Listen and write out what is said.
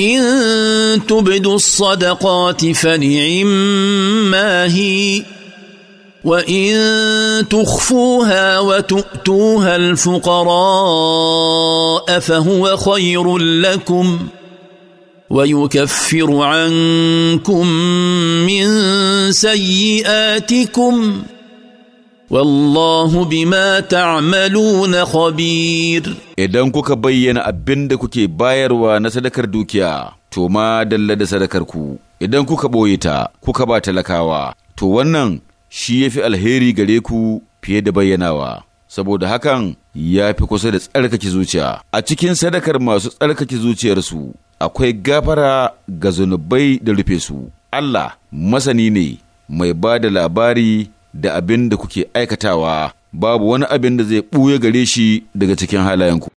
ان تبدوا الصدقات ما هي وان تخفوها وتؤتوها الفقراء فهو خير لكم ويكفر عنكم من سيئاتكم والله بما تعملون خبير idan kuka bayyana abin da kuke bayarwa na sadakar dukiya to ma dalla da sadakar ku idan kuka ɓoye ta kuka ba talakawa to wannan shi yafi alheri gare ku fiye da bayyanawa saboda hakan ya fi kusa da tsarkake zuciya a cikin sadakar masu tsarkake zuciyarsu akwai gafara ga zunubai da rufe su Allah masani ne mai ba da labari da abin da kuke aikatawa babu wani abin da zai ɓuya gare shi daga cikin halayenku